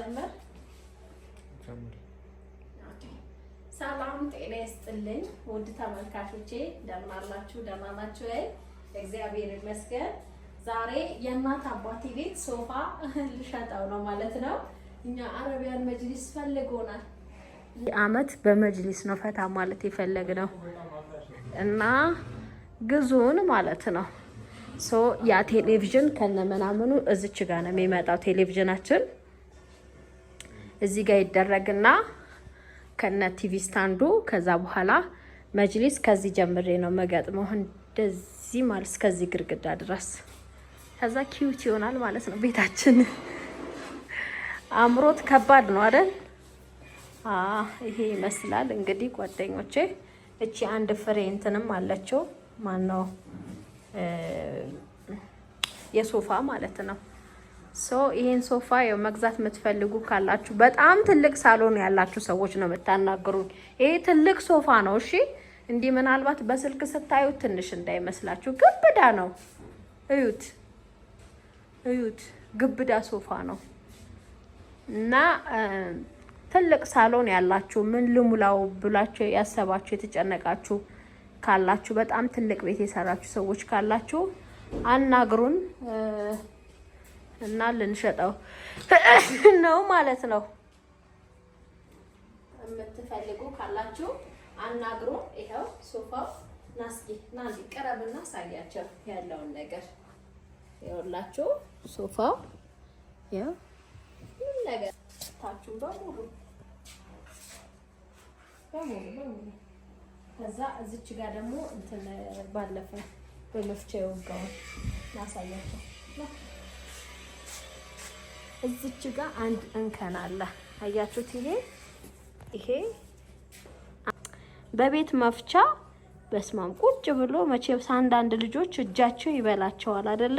ጀምር ሰላም ጤና ይስጥልኝ ውድ ተመልካቾቼ፣ ደህና አላችሁ? ደህና ናችሁ ወይ? እግዚአብሔር ይመስገን። ዛሬ የእናት አባቴ ቤት ሶፋ ልሸጠው ነው ማለት ነው። እኛ አረቢያን መጅሊስ ፈልጎናል። አመት በመጅሊስ ነው ፈታ ማለት የፈለግነው እና ግዙን ማለት ነው። ሶ ያ ቴሌቪዥን ከነ ምናምኑ እዚች ጋር ነው የሚመጣው ቴሌቪዥናችን እዚህ ጋር ይደረግና ከነ ቲቪ ስታንዱ ከዛ በኋላ መጅሊስ ከዚህ ጀምሬ ነው መገጥመው እንደዚህ ማለት እስከዚህ ግርግዳ ድረስ። ከዛ ኪዩት ይሆናል ማለት ነው ቤታችን። አምሮት ከባድ ነው አይደል? ይሄ ይመስላል እንግዲህ ጓደኞቼ። እቺ አንድ ፍሬ እንትንም አለችው ማን ነው የሶፋ ማለት ነው። ሶ ይሄን ሶፋ ያው መግዛት የምትፈልጉ ካላችሁ በጣም ትልቅ ሳሎን ያላችሁ ሰዎች ነው የምታናግሩኝ። ይሄ ትልቅ ሶፋ ነው። እሺ እንዲህ ምናልባት በስልክ ስታዩት ትንሽ እንዳይመስላችሁ፣ ግብዳ ነው። እዩት፣ እዩት፣ ግብዳ ሶፋ ነው እና ትልቅ ሳሎን ያላችሁ ምን ልሙላው ብላችሁ ያሰባችሁ የተጨነቃችሁ ካላችሁ፣ በጣም ትልቅ ቤት የሰራችሁ ሰዎች ካላችሁ አናግሩን። እና ልንሸጠው ነው ማለት ነው። የምትፈልጉ ካላችሁ አናግሮ ይኸው ሶፋው ናስጊ ና ቀረብና ሳያቸው ያለውን ነገር ይኸውላችሁ ሶፋው ያው ምን ነገር ታችሁ በሙሉ በሙሉ በሙሉ ከዛ እዚች ጋር ደግሞ እንትን ባለፈው በመፍቻ የወጋውን ነው እዚች ጋር አንድ እንከን አለ። አያችሁት? ይሄ ይሄ በቤት መፍቻ በስማም ቁጭ ብሎ መቼም አንዳንድ ልጆች እጃቸው ይበላቸዋል አይደለ?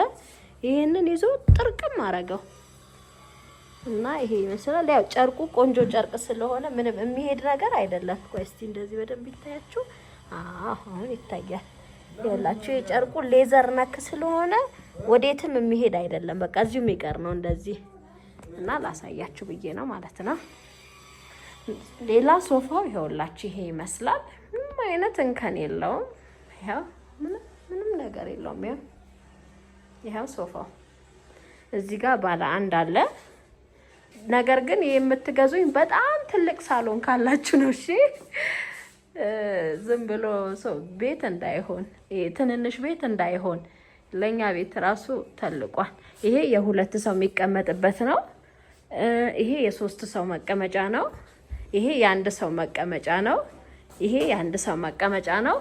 ይሄንን ይዞ ጥርቅም አረገው እና ይሄ ይመስላል። ያው ጨርቁ ቆንጆ ጨርቅ ስለሆነ ምንም የሚሄድ ነገር አይደለም። ቆይ እስቲ እንደዚህ በደንብ ይታያችሁ። አሁን ይታያል። ያላችሁ የጨርቁ ሌዘር ነክ ስለሆነ ወዴትም የሚሄድ አይደለም። በቃ እዚሁ የሚቀር ነው እንደዚህ እና ላሳያችሁ ብዬ ነው ማለት ነው። ሌላ ሶፋው ይሄውላችሁ ይሄ ይመስላል። ምንም አይነት እንከን የለውም። ይኸው ምንም ነገር የለውም። ይኸው ይኸው ሶፋው እዚህ ጋር ባለ አንድ አለ። ነገር ግን የምትገዙኝ በጣም ትልቅ ሳሎን ካላችሁ ነው። እሺ ዝም ብሎ ሰው ቤት እንዳይሆን ትንንሽ ቤት እንዳይሆን ለእኛ ቤት ራሱ ተልቋል። ይሄ የሁለት ሰው የሚቀመጥበት ነው። ይሄ የሶስት ሰው መቀመጫ ነው። ይሄ የአንድ ሰው መቀመጫ ነው። ይሄ የአንድ ሰው መቀመጫ ነው።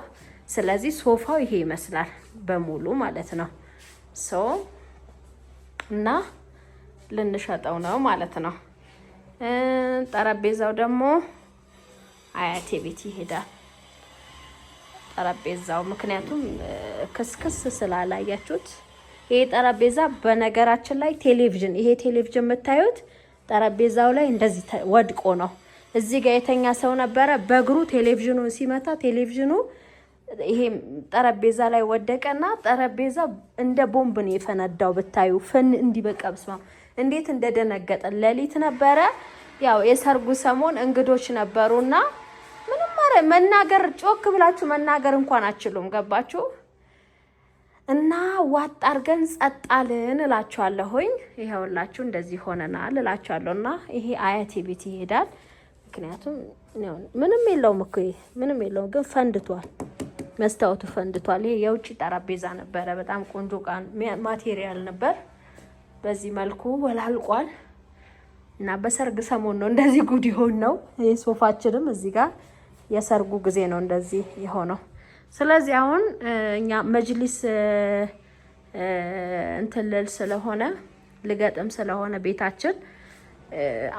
ስለዚህ ሶፋው ይሄ ይመስላል በሙሉ ማለት ነው። ሶ እና ልንሸጠው ነው ማለት ነው። ጠረጴዛው ደግሞ አያቴ ቤት ይሄዳል። ጠረጴዛው ምክንያቱም ክስክስ ስላላያችሁት ይሄ ጠረጴዛ በነገራችን ላይ ቴሌቪዥን ይሄ ቴሌቪዥን የምታዩት ጠረጴዛው ላይ እንደዚህ ወድቆ ነው። እዚህ ጋር የተኛ ሰው ነበረ። በእግሩ ቴሌቪዥኑ ሲመታ ቴሌቪዥኑ ይሄ ጠረጴዛ ላይ ወደቀና ጠረጴዛ እንደ ቦምብ ነው የፈነዳው። ብታዩ ፍን እንዲበቃ በቃ ብስማ እንዴት እንደደነገጠ። ሌሊት ነበረ። ያው የሰርጉ ሰሞን እንግዶች ነበሩና ምንም መናገር ጮክ ብላችሁ መናገር እንኳን አችሉም። ገባችሁ? እና ዋጥ አርገን ጸጣልን እላችኋለሁኝ። ይኸውላችሁ እንደዚህ ሆነናል እላችኋለሁ። እና ይሄ አያቴ ቤት ይሄዳል። ምክንያቱም ምንም የለውም እኮ ምንም የለውም፣ ግን ፈንድቷል። መስታወቱ ፈንድቷል። ይሄ የውጭ ጠረጴዛ ነበረ፣ በጣም ቆንጆ ማቴሪያል ነበር። በዚህ መልኩ ወላልቋል እና በሰርግ ሰሞን ነው እንደዚህ ጉድ ይሆን ነው። ይህ ሶፋችንም እዚህ ጋር የሰርጉ ጊዜ ነው እንደዚህ የሆነው። ስለዚህ አሁን እኛ መጅሊስ እንትልል ስለሆነ ልገጥም ስለሆነ ቤታችን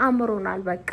አምሮናል በቃ።